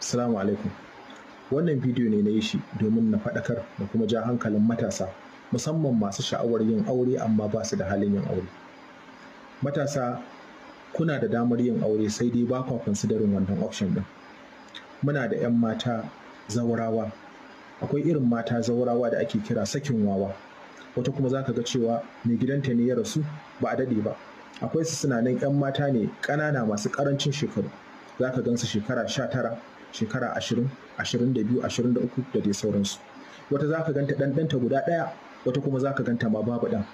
Salamu alaikum. Wannan bidiyo ne na yi shi domin na faɗakar da kuma ja hankalin matasa musamman masu sha'awar yin aure amma ba su da halin yin aure. Matasa kuna da damar yin aure sai dai ba kwa considering wannan option ɗin. Muna da 'yan mata za'urawa. Akwai irin mata za'urawa da ake kira sakin wawa. Wata kuma za ka ga cewa mai gidanta ne ya rasu ba a daɗe ba. Akwai su suna nan 'yan mata ne ƙanana masu ƙarancin shekaru. za ka gansu shekara sha tara shekara ashirin ashirin da biyu ashirin da uku da dai sauransu wata za ka ganta ɗanɗanta guda ɗaya wata kuma za ka ganta ma babu ɗan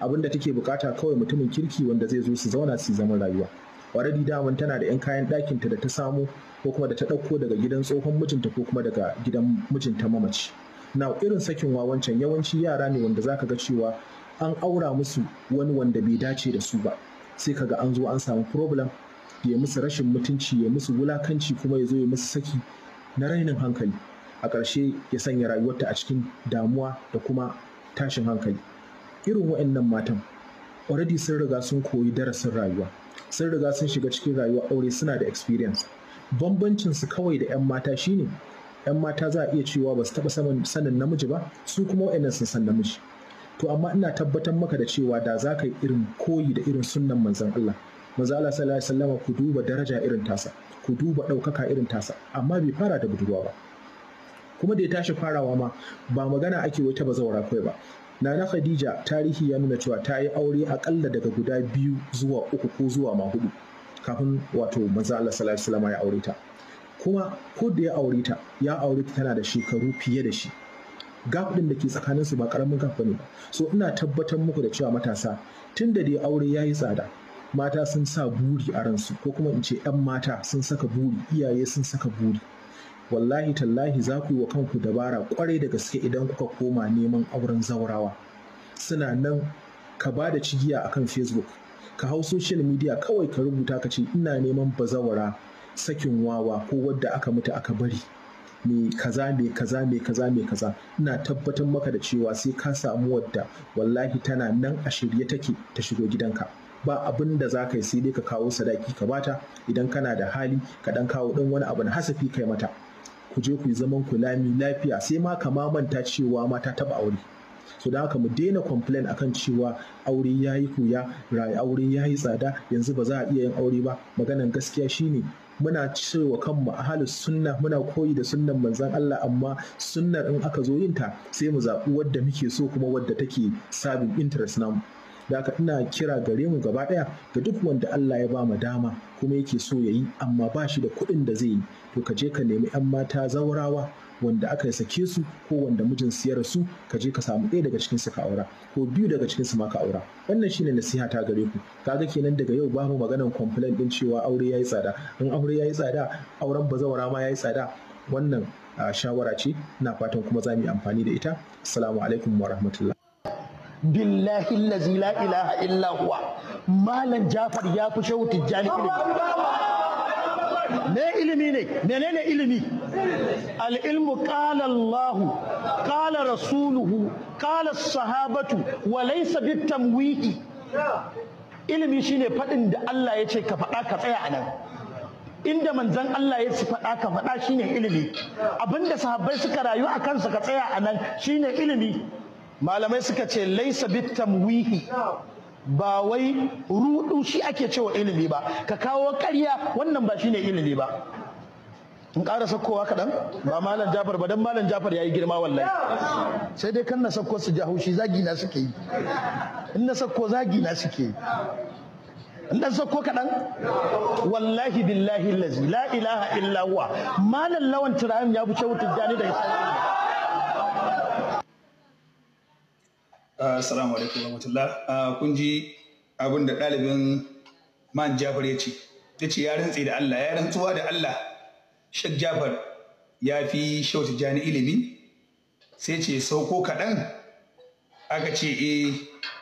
abin da take bukata kawai mutumin kirki wanda zai zo su zauna su zaman rayuwa waradi daman tana da 'yan kayan ɗakinta da ta samu ko kuma da ta ɗauko daga gidan tsohon mijinta ko kuma daga gidan mijinta mamaci na irin sakin wawancan yawanci yara ne wanda za ka ga cewa an aura musu wani wanda bai dace da su ba sai ka ga an zo an samu problem ya musu rashin mutunci ya musu wulakanci kuma ya zo ya musu saki na rainin hankali a ƙarshe ya sanya rayuwarta a cikin damuwa da kuma tashin hankali irin wayannan matan already sun riga sun koyi darasin rayuwa sun riga sun shiga cikin rayuwa aure suna da experience bambancin su kawai da 'yan mata shine 'yan mata za a iya cewa ba su taɓa sanin namiji ba su kuma wa'annan sun san namiji to amma ina tabbatar maka da cewa da za ka yi irin koyi da irin sunnan manzon Allah manzo Allah sallallahu alaihi wasallam ku duba daraja irin tasa ku duba ɗaukaka irin tasa amma bai fara da budurwa ba kuma da ya tashi farawa ma ba magana ake wata ba bazawara kai ba Nana Khadija tarihi ya nuna cewa ta yi aure akalla daga guda biyu zuwa uku ko zuwa ma hudu kafin wato manzo Allah sallallahu alaihi wasallam ya aure ta kuma ko da ya aure ta ya aure ta tana da shekaru fiye da shi gap din da ke tsakaninsu ba karamin gap bane so ina tabbatar muku da cewa matasa tun da dai aure ya yi tsada mata sun sa buri a ransu ko kuma in ce 'yan mata sun saka buri iyaye sun saka buri wallahi tallahi za ku yi wa kanku dabara kwarai da gaske idan kuka koma neman auren zaurawa suna nan ka ba da cigiya a kan facebook ka hau social media kawai ka rubuta ka ce ina neman bazawara sakin wawa ko wadda aka mutu aka bari me kaza me kaza me kaza me kaza ina tabbatar maka da cewa sai ka samu wadda wallahi tana nan a shirye take ta shigo gidanka ba abin da za ka yi sai dai ka kawo sadaki ka bata idan kana da hali ka dan kawo ɗan wani abu na hasafi kai mata ku je ku yi zaman ku lami lafiya sai ma ka mamanta cewa mata taba aure so da haka mu daina complain akan cewa aure ya yi kuya rayu aure ya yi tsada yanzu ba za a iya yin aure ba maganan gaskiya shine muna cewa kanmu ahalus sunna muna koyi da sunnan manzon Allah amma sunnar in aka zo yin ta sai mu zaɓi wadda muke so kuma wadda take sabin interest namu Daka ina kira gare mu gaba ɗaya ga duk wanda Allah ya ba mu dama kuma yake so ya yi amma ba shi da kuɗin da zai yi to ka je ka nemi 'yan mata zaurawa wanda aka sake su ko wanda mijin siyar su ka je ka samu ɗaya daga cikinsu ka aura ko biyu daga cikinsu ma ka aura wannan shine nasiha ta gare ku kaga kenan daga yau ba mu maganan complaint din cewa aure yayi tsada in aure yayi tsada auren bazawara ma ya yi tsada wannan ah, shawara ce na fatan kuma za mu yi amfani da ita assalamu alaikum wa rahmatullah billahi allazi la ilaha illa huwa malam jafar ya fi shehu tijjani ilimi ilimi ne menene ilimi al ilmu qala allah qala rasuluhu qala sahabatu wa laysa bit tamwihi ilimi shine fadin da Allah ya ce ka faɗa ka tsaya anan. inda manzon Allah ya su faɗa ka faɗa shine ilimi abinda sahabbai suka rayu a kansa ka tsaya anan shine ilimi malamai suka ce laisa bitamwihi ba wai rudu shi ake cewa ilimi ba ka kawo ƙarya wannan ba shine ilimi ba in ƙara sakkowa kaɗan ba malam jafar ba don malam jafar ya yi girma wallahi sai dai kan na sakko su ja haushi zagi na suke yi in na sakko zagi na suke yi in ɗan sakko kaɗan wallahi billahi lazi la ilaha illa huwa malam lawan tirayen ya buce wutar jani da isa Uh, assalamu alaikum rahmatullah. Uh, kun ji abin da ɗalibin Man Jafar ya ce. Ya ce ya rantse da Allah, ya rantsuwa da Allah. Sheikh Jafar ya fi shauta jani ilimi. Sai ce sauko kaɗan. Aka ce e,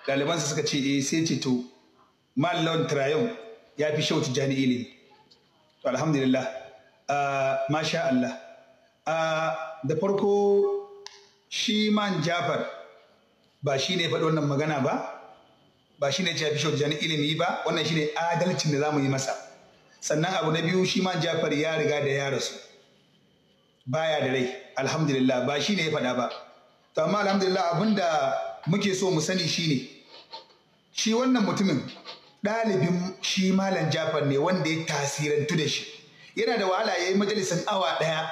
ɗalibansa suka ce e sai ce to Mallon Trayon ya fi shauta jani ilimi. To alhamdulillah. Uh, masha Allah. Da farko shi Man Jafar ba shi ne faɗi wannan magana ba ba shi ne jafi shaujan ilimi ba wannan shi ne adalcin da za mu yi masa sannan abu na biyu shi ma jafar ya riga da ya rasu baya da rai alhamdulillah ba shi ne ya faɗa ba to amma alhamdulillah abin da muke so mu sani shi ne shi wannan mutumin ɗalibin shi malam jafar ne wanda ya tasirantu da shi yana da wahala ya yi majalisin awa ɗaya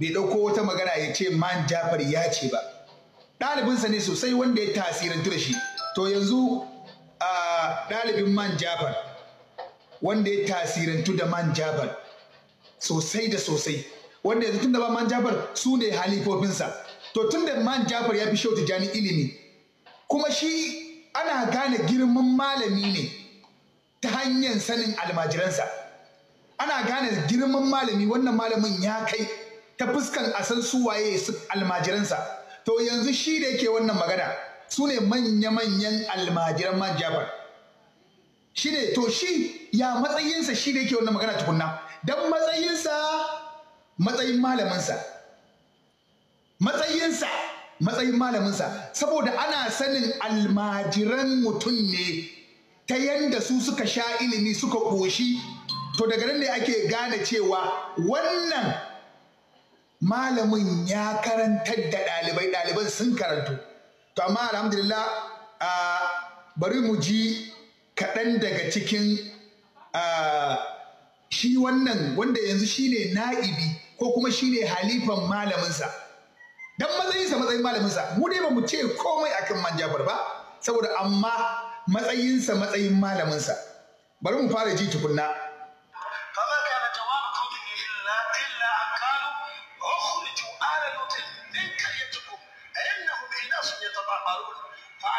bai ɗauko wata magana ya ce man jafar ya ce ba ɗalibinsa ne sosai wanda ya tasirantu da shi to yanzu a ɗalibin man jafar wanda ya tasirantu da man jafar sosai da sosai wanda yanzu tun da ba man jafar su ne halifofinsa to tun da man jafar ya fi shautu jani ilimi kuma shi ana gane girman malami ne ta hanyar sanin almajiransa ana gane girman malami wannan malamin ya kai ta fuskan a san su waye almajiransa to yanzu shi da yake wannan magana su ne manya-manyan almajiran man jafar shi ne to shi ya matsayinsa shi da yake wannan magana tukunna don matsayinsa matsayin malaminsa matsayinsa matsayin malaminsa saboda ana sanin almajiran mutum ne ta yanda su suka sha ilimi suka ƙoshi to daga nan ne ake gane cewa wannan malamin ya karantar da ɗalibai ɗaliban sun karantu to amma alhamdulillah bari mu ji kaɗan daga cikin shi wannan wanda yanzu shine na'ibi ko kuma shine halifan malaminsa Don matsayinsa matsayin malaminsa mu dai ba mu ce komai akan manjafar ba saboda amma matsayinsa matsayin malaminsa bari mu fara ji tukunna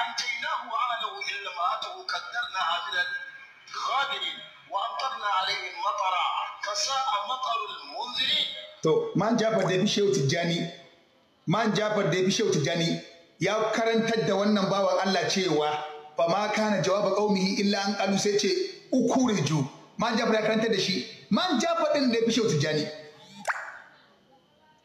فأنجيناه وأهله إلا امرأته قدرنا من الغابرين وأمطرنا عليهم مطرا فساء مطر المنذرين to man jafar da fi shehu tijjani man jafar da fi shehu tijjani ya karantar da wannan bawan Allah cewa ba ma kana jawaba qaumihi illa an qalu sai ce ukuriju man jafar ya karantar da shi man jafar din da fi shehu tijjani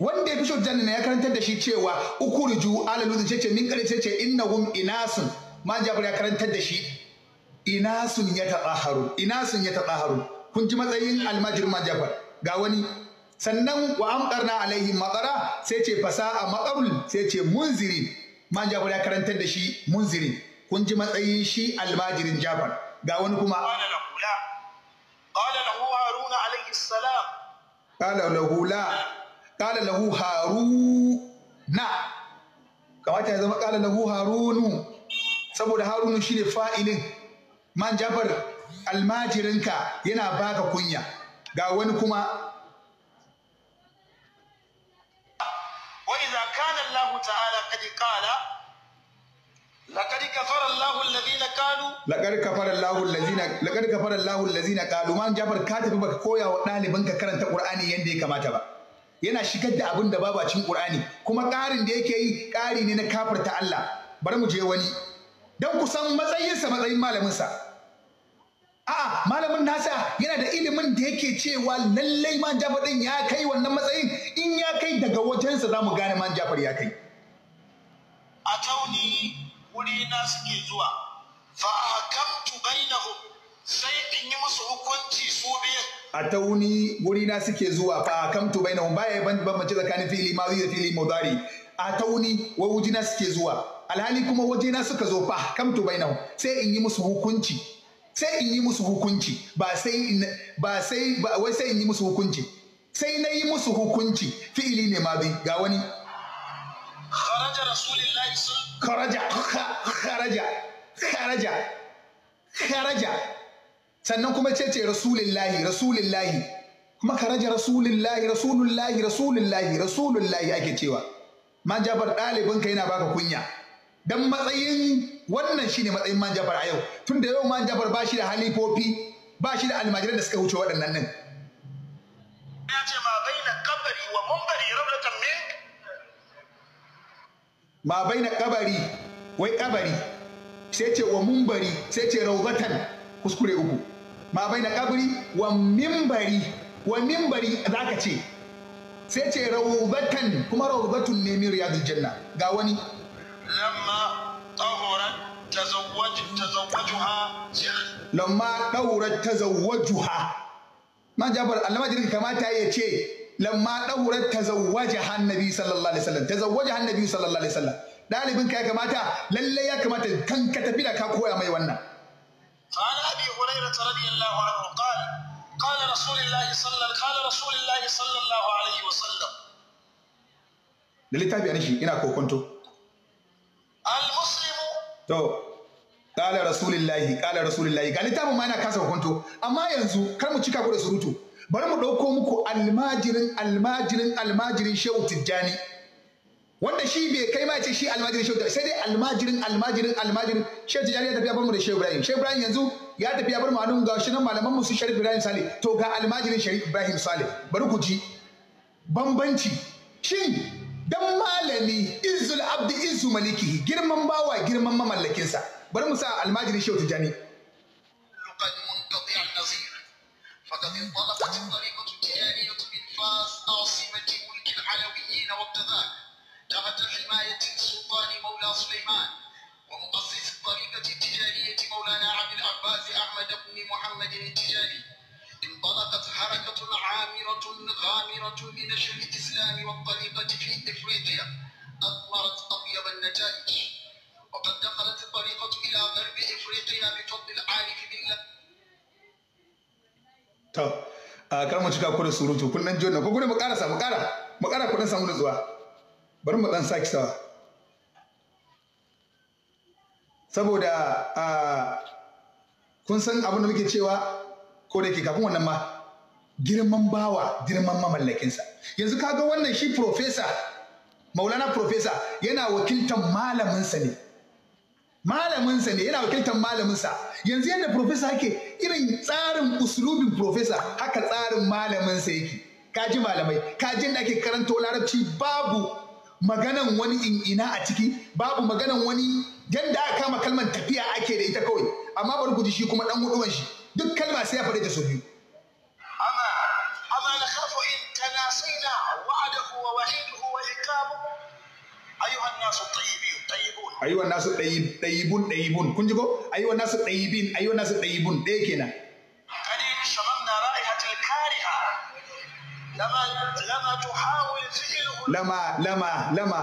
wanda ya fi shujjan ya karantar da shi cewa ukurju ala lutu ce ce min kare ce ce innahum inasun ma jabir ya karantar da shi inasun ya tadaharu inasun ya tadaharu kun ji matsayin almajir ma jabir ga wani sannan wa amqarna alaihim matsara sai ce fasa'a matsarul sai ce munziri ma jabir ya karantar da shi munziri kun ji matsayin shi almajirin jafar ga wani kuma قال له هارون عليه السلام قال له لا ƙala lahu haruna kamata ya zama ƙala lahu harunu saboda harunu shine fa'ilin man jafar almajirinka yana baka kunya ga wani kuma وإذا كان الله تعالى قد قال لقد كفر الله الذين قالوا لقد كفر الله الذين لقد كفر الله الذين قالوا man jafar ka tafi baka koya wa ɗalibanka karanta Qur'ani yadda ya kamata ba yana shigar da abin da babu cikin Qur'ani kuma ƙarin da yake yi ƙari ne na kafirta Allah bari mu je wani don ku san matsayinsa matsayin malaminsa a'a malamin nasa yana da ilimin da yake cewa lallai man jafar din ya kai wannan matsayin in ya kai daga wajensa za mu gane man jafar ya kai a tauni wuri na suke zuwa fa hakamtu bainahum sai in yi musu hukunci su biyu a ta wuni wuri na suke zuwa fa na bainahum baya ban bambance tsakanin fili mazi da fili mudari a ta wuni wa wujina suke zuwa alhali kuma na suka zo fa bai na sai in yi musu hukunci sai in yi musu hukunci ba sai ba sai ba wai sai in yi musu hukunci sai na yi musu hukunci fi'ili ne mazi ga wani kharaja rasulullahi kharaja kharaja kharaja kharaja sannan kuma ce ce rasulillahi rasulillahi kuma ka karaja rasulillahi rasulullahi rasulullahi rasulullahi ake cewa man jabar ɗalibin ka yana baka kunya dan matsayin wannan shine matsayin man jabar a yau tunda yau man jabar ba shi da halifofi ba shi da almajiran da suka wuce waɗannan nan ya ce ma baina kabari wa munbari rablatan min ma baina kabari wai kabari sai ce wa munbari sai ce rawzatan kuskure uku ma bai na kabri wa mimbari wa mimbari ka ce sai ce rawubatan kuma rawdatun ne min riyadul janna ga wani lamma tahurat tazawwaju tazawwajuha lamma daurat tazawwajuha man jabar allama jirin kamata ya ce lamma daurat tazawwajaha annabi sallallahu alaihi wasallam tazawwajaha annabi sallallahu alaihi wasallam dalibin ka ya kamata lalle ya kamata kan ka tafi da ka koya mai wannan هريرة رضي الله عنه قال قال رسول الله صلى قال رسول الله صلى الله عليه وسلم da littafi a nishi ina kokonto al to qala rasulillahi qala rasulillahi ga littafin ma ina kasa kokonto amma yanzu kar mu cika ku da surutu bari mu ɗauko muku almajirin almajirin almajirin shehu tijjani wanda shi bai kai ma ce shi almajirin shehu sai dai almajirin almajirin almajirin shehu tijjani ya tafi abin mu da shehu ibrahim shehu ibrahim yanzu ya tafi ya bar malum gashi nan malaman musu Sharif Ibrahim Sale to ga almajirin Sharif Ibrahim Sale bari ku ji bambanci shin dan malami izul abdi izu malikihi girman bawa girman mamallakin sa bari mu sa almajirin Shehu Tijani muntaqi al قد منقطع النظير فقد انطلقت الطريقة التجارية من فاس عاصمة ملك العلويين وابتداء تحت حماية mawla Sulaiman wa ومقصر محمد بن محمد التجاري انطلقت حركة عامرة غامرة بنشر الإسلام والطريقة في إفريقيا أثمرت أطيب النتائج وقد دخلت الطريقة إلى غرب إفريقيا بفضل العارف بالله طب a kar mu cika ku da surutu kun dan jona ko gure mu karasa mu kara mu kara ku dan samu nutsuwa bari mu dan saki sawa saboda a kun san abin da muke cewa ko da ke kafin wannan ma girman bawa girman mamallakinsa yanzu ka ga wannan shi profesa maulana profesa yana wakiltar malaminsa ne malaminsa ne yana wakiltar malaminsa yanzu yadda profesa ake irin tsarin uslubin profesa haka tsarin malaminsa yake kaji malamai kaji da ake karanto larabci babu maganan wani in'ina a ciki babu maganan wani yadda aka kama kalmar tafiya ake da ita kawai amma bari ku ji shi kuma dan huduwan shi duk kalma sai ya faɗi da su biyu amma amma na khafu in tanasina wa'adahu wa wa'iduhu wa iqabuhu ayyuha an-nasu tayyibin tayyibun ayyuha an-nasu tayyibun tayyibun kun ji ko ayyuha an-nasu tayyibin ayyuha an-nasu tayyibun ɗaya kenan قليل شممنا رائحة الكارهة لما لما تحاول فعله لما لما لما